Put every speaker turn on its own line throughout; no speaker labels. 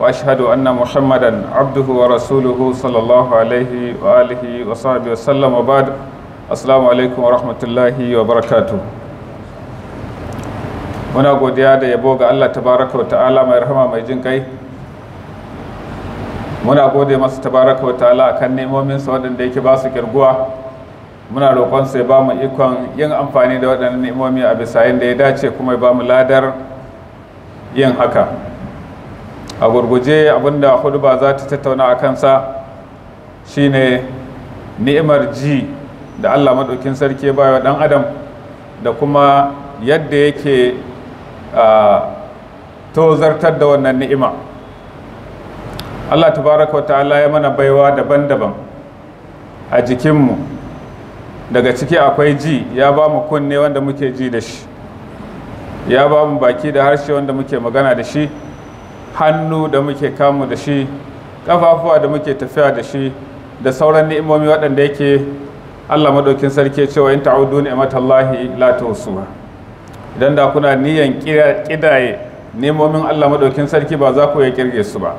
وأشهد أن محمدا عبده ورسوله صلى الله عليه وآله وصحبه وسلم وبعد السلام عليكم ورحمة الله وبركاته muna godiya da yabo ga Allah tabaraka wa ta'ala mai rahama mai jin kai muna gode masa tabaraka wa ta'ala akan nemominsa waɗanda yake ba su kirguwa muna roƙon sai ba mu ikon yin amfani da waɗannan nemomi a bisa yadda ya dace kuma ba mu ladar yin haka a gurguje abinda huduba za ta tattauna a kansa shine ni'imar ji da allah maɗaukin sarki bayo ɗan adam da kuma yadda yake tozartar da wannan ni'ima allah tabaraka wa ta'ala ya mana baiwa daban-daban a jikinmu daga ciki akwai ji ya ba mu kunne wanda muke ji da shi ya ba mu baki da harshe wanda muke magana da shi hannu da muke kamu da shi kafafuwa da muke tafiya da shi da sauran ni'imomi waɗanda yake Allah madaukin sarki cewa in ta'udu ni'matallahi la tuhsuha idan da kuna niyan kidaye ni'imomin Allah madaukin sarki ba za ku iya kirge su ba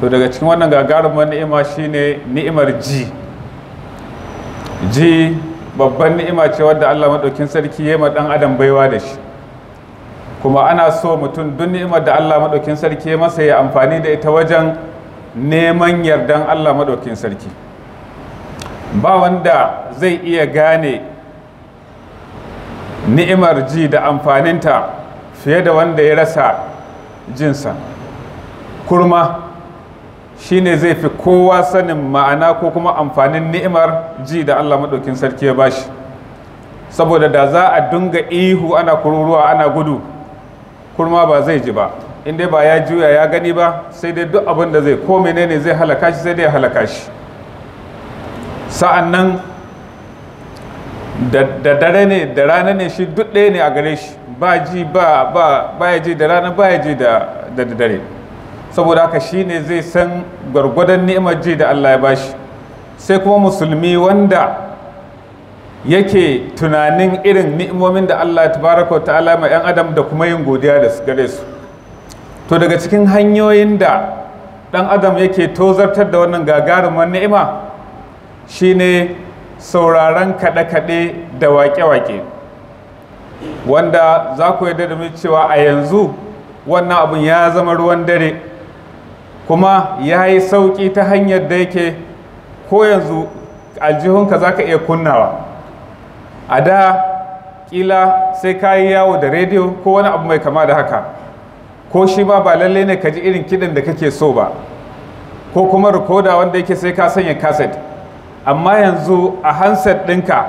to daga cikin wannan gagarumar ni'ima shine ni'imar ji ji babban ni'ima ce wadda Allah madaukin sarki ya ma dan adam baiwa da shi kuma ana so mutum duk ni'imar da Allah maɗaukin sarki masa ya amfani da ita wajen neman yardan Allah maɗaukin sarki ba wanda zai iya gane ni'imar ji da amfaninta fiye da wanda ya rasa jinsa kurma shine zai fi kowa sanin ma'ana ko kuma amfanin ni'imar ji da Allah maɗaukin sarki ya bashi saboda da za a dunga ihu ana kururuwa ana gudu kurma ba zai ji ba in dai ba ya juya ya gani ba sai dai duk abin da zai ko menene zai halaka shi sai dai ya halaka shi sa'an nan da dare ne da rana ne shi duk ɗaya ne a gare shi ba ji ba ba ya ji da rana ba ya ji da dare saboda haka shi ne zai san gwargwadon ni'imar ji da Allah ya bashi sai kuma musulmi wanda yake tunanin irin ni'imomin da Allah tabaraka wa ta'ala ma 'yan adam da kuma yin godiya da su gare su to daga cikin hanyoyin da ɗan adam yake tozartar da wannan gagarumar ni'ima shine sauraron kaɗe-kaɗe da waƙe-waƙe wanda za ku yarda da cewa a yanzu wannan abun ya zama ruwan dare kuma ya yi sauƙi ta hanyar da yake ko yanzu aljihunka za ka iya kunnawa a da ƙila sai ka yi yawo da rediyo ko wani abu mai kama da haka ko shi ma ba lalle ne ka ji irin kiɗin da kake so ba ko kuma rikoda wanda yake sai ka sanya kaset amma yanzu a handset ɗinka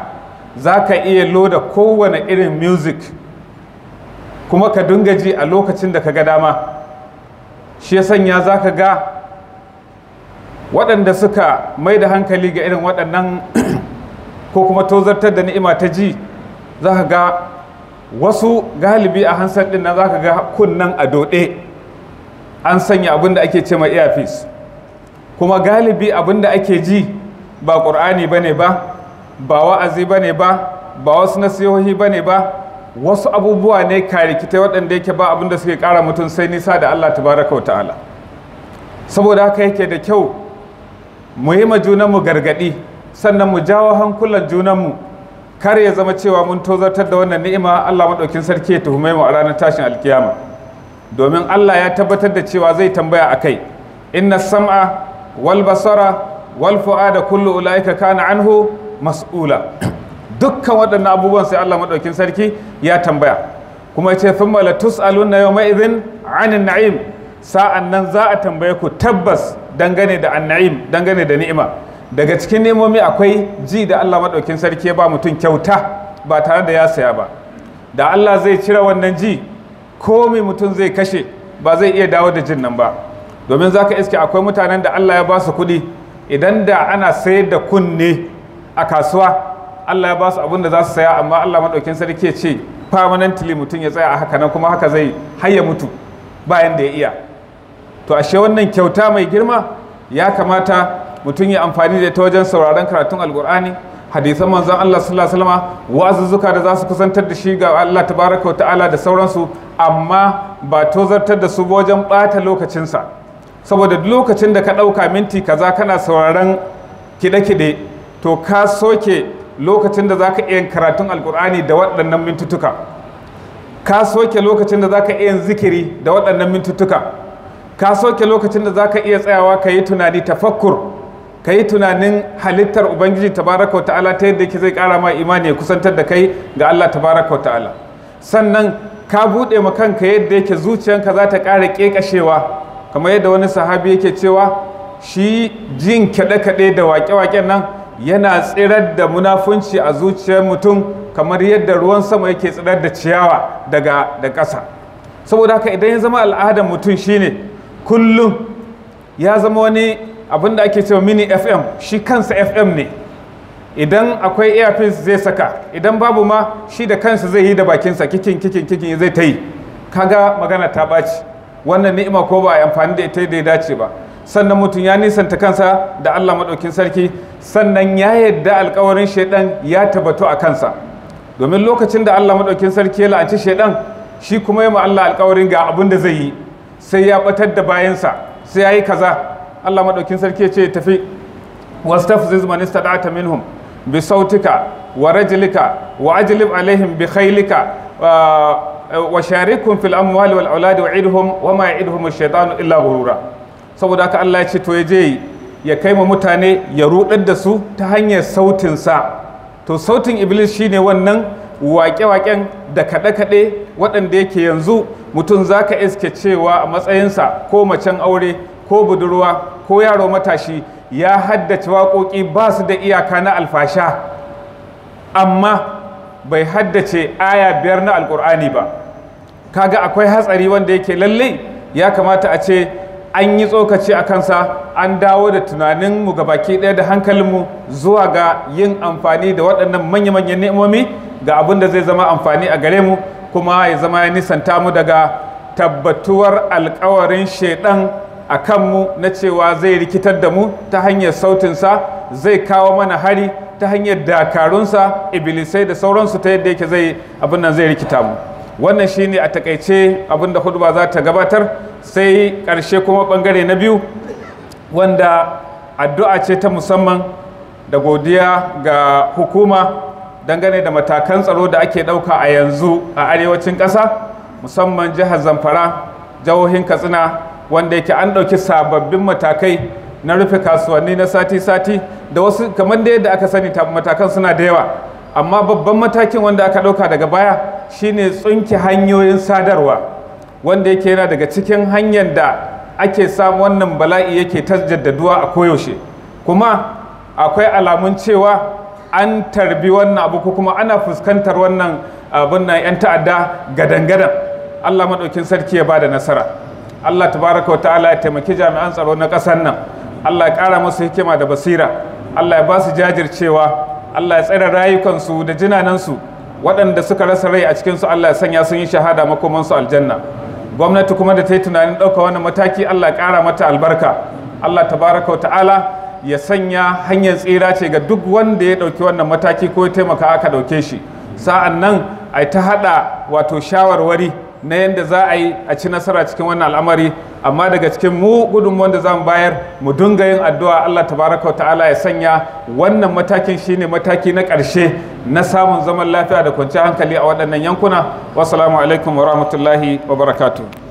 za ka iya loda kowane irin music kuma ka dinga ji a lokacin da ka ga dama shi ya sanya za ka ga waɗanda suka mai da hankali ga irin waɗannan ko kuma tozartar da ni'ima ta ji za ka ga wasu galibi a hansar ɗin nan za ka ga kunnan a doɗe an sanya abin da ake ce mai earpiece kuma galibi abin da ake ji ba ƙur'ani ba ne ba ba wa'azi ba ne ba ba wasu nasihohi ba ne ba wasu abubuwa ne karikita waɗanda yake ba abin da suke ƙara mutum sai nisa da allah ta baraka wa ta'ala saboda haka yake da kyau mu yi mu gargaɗi sannan mu jawo hankulan junanmu kar ya zama cewa mun tozartar da wannan ni'ima Allah maɗaukin sarki ya tuhume mu a ranar tashin alkiyama domin Allah ya tabbatar da cewa zai tambaya a kai inna sam'a wal basara wal fu'ada kullu ulaika kana anhu mas'ula dukkan waɗannan abubuwan sai Allah maɗaukin sarki ya tambaya kuma ya ce thumma la tus'aluna yawma idhin 'anil na'im sa'an nan za a tambaye ku tabbas dangane da an-na'im dangane da ni'ima daga cikin nemomi akwai ji da Allah maɗaukin sarki ba mutum kyauta ba tare da ya saya ba da Allah zai cire wannan ji ko mai mutum zai kashe ba zai iya dawo da jin nan ba domin za ka iske akwai mutanen da Allah ya ba su kuɗi idan da ana sayar da kunne a kasuwa Allah ya ba su abin da za su saya amma Allah maɗaukin sarki ce permanently mutum ya tsaya a haka nan kuma haka zai hayya mutu bayan da ya iya to ashe wannan kyauta mai girma ya kamata mutum ya amfani da ita wajen sauraron karatun alkur'ani hadisan manzon Allah sallallahu alaihi wasallam wa'azuzzuka da za su kusantar da shi ga Allah tabaraka wa ta'ala da sauransu amma ba tozartar da su wajen bata lokacinsa saboda lokacin da ka ɗauka minti kaza kana sauraron kide-kide to ka soke lokacin da zaka iya karatun alkur'ani da waɗannan mintutuka. ka soke lokacin da zaka iya zikiri da waɗannan mintutuka. ka soke lokacin da zaka iya tsayawa ka yi tunani tafakkur ka yi tunanin halittar ubangiji tabaraka wa ta'ala ta yadda yake zai kara ma imani ya kusantar da kai ga Allah tabaraka wa ta'ala sannan ka buɗe ma kanka yadda yake zuciyanka za ta ƙara ƙeƙashewa kamar yadda wani sahabi yake cewa shi jin kaɗe-kaɗe da waƙe-waƙen nan yana tsirar da munafunci a zuciyar mutum kamar yadda ruwan sama yake tsirar da ciyawa daga da ƙasa saboda haka idan ya zama al'adar mutum shine kullum ya zama wani abin da ake cewa mini fm shi kansa fm ne idan akwai earpiece zai saka idan babu ma shi da kansa zai yi da bakinsa kikin kikin kikin zai ta yi kaga magana ta baci wannan ni'ima ko ba a amfani da ita da ya dace ba sannan mutum ya nisanta kansa da Allah maɗaukin sarki sannan ya yadda alkawarin shaidan ya tabbato a kansa domin lokacin da Allah maɗaukin sarki ya la'anci shaidan shi kuma ya ma Allah alkawarin ga abin da zai yi sai ya batar da bayansa sai ya yi kaza Allah maɗaukin sarki ce tafi wastafziz man istada'ta minhum bi sautika wa rajlika wa ajlib alaihim bi khailika wa sharikum fil amwali wal auladi wa'idhum wa ma ya'iduhum ash illa ghurura saboda haka Allah ya ce to yaje ya kai ma mutane ya rudar da su ta hanyar sautin sa to sautin iblis shine wannan waƙe-waƙen da kaɗe-kaɗe waɗanda yake yanzu mutum za ka iske cewa a matsayinsa ko macen aure ko budurwa ko yaro matashi ya haddace waƙoƙi ba su da iyaka na alfasha amma bai haddace aya biyar na alƙur'ani ba kaga akwai hatsari wanda yake lalle ya kamata a ce an yi tsokaci a kansa an dawo da tunaninmu ga baki ɗaya da hankalinmu zuwa ga yin amfani da waɗannan manya-manyan ni'imomi ga abin da zai zama amfani a gare mu kuma ya zama ya nisanta mu daga tabbatuwar alkawarin shaidan a kanmu na cewa zai rikitar da mu ta hanyar sautinsa zai kawo mana hari ta hanyar dakarunsa ibilisai da sauransu ta yadda yake zai abin nan zai rikita mu wannan shine a takaice abin da hudba za ta gabatar sai ƙarshe kuma ɓangare na biyu wanda addu'a ce ta musamman da godiya ga hukuma dangane da matakan tsaro da ake ɗauka a yanzu a arewacin ƙasa musamman jihar zamfara jihohin katsina wanda yake an ɗauki sababbin matakai na rufe kasuwanni na sati-sati da wasu kamar da yadda aka sani matakan suna da yawa amma babban matakin wanda aka ɗauka daga baya shine tsunki hanyoyin sadarwa wanda yake yana daga cikin hanyar da ake samu wannan bala'i yake ta jaddaduwa a koyaushe kuma akwai alamun cewa an tarbi wannan abu ko kuma ana fuskantar wannan abin nan 'yan ta'adda gadan-gadan allah maɗaukin sarki ya ba da nasara Allah tabaraka ta'ala ya taimaki jami'an tsaro na ƙasar nan Allah ya ƙara musu hikima da basira Allah ya ba su jajircewa Allah ya tsare rayukansu da jinanansu waɗanda suka rasa rai a cikinsu Allah ya sanya sun yi shahada makomansu aljanna gwamnati kuma da ta yi tunanin ɗauka wani mataki Allah ya ƙara mata albarka Allah tabaraka ta'ala ya sanya hanyar tsira ce ga duk wanda ya ɗauki wannan mataki ko ya taimaka aka ɗauke shi sa'an nan ai ta haɗa wato shawarwari na yadda za a yi a ci nasara cikin wannan al'amari amma daga cikin mu gudunmuwan da za mu bayar mu dinga yin addu'a Allah tabaraka wa ta'ala ya sanya wannan matakin shine mataki na ƙarshe na samun zaman lafiya da kwanciyar hankali a waɗannan yankuna wassalamu alaikum wa rahmatullahi wa barakatuh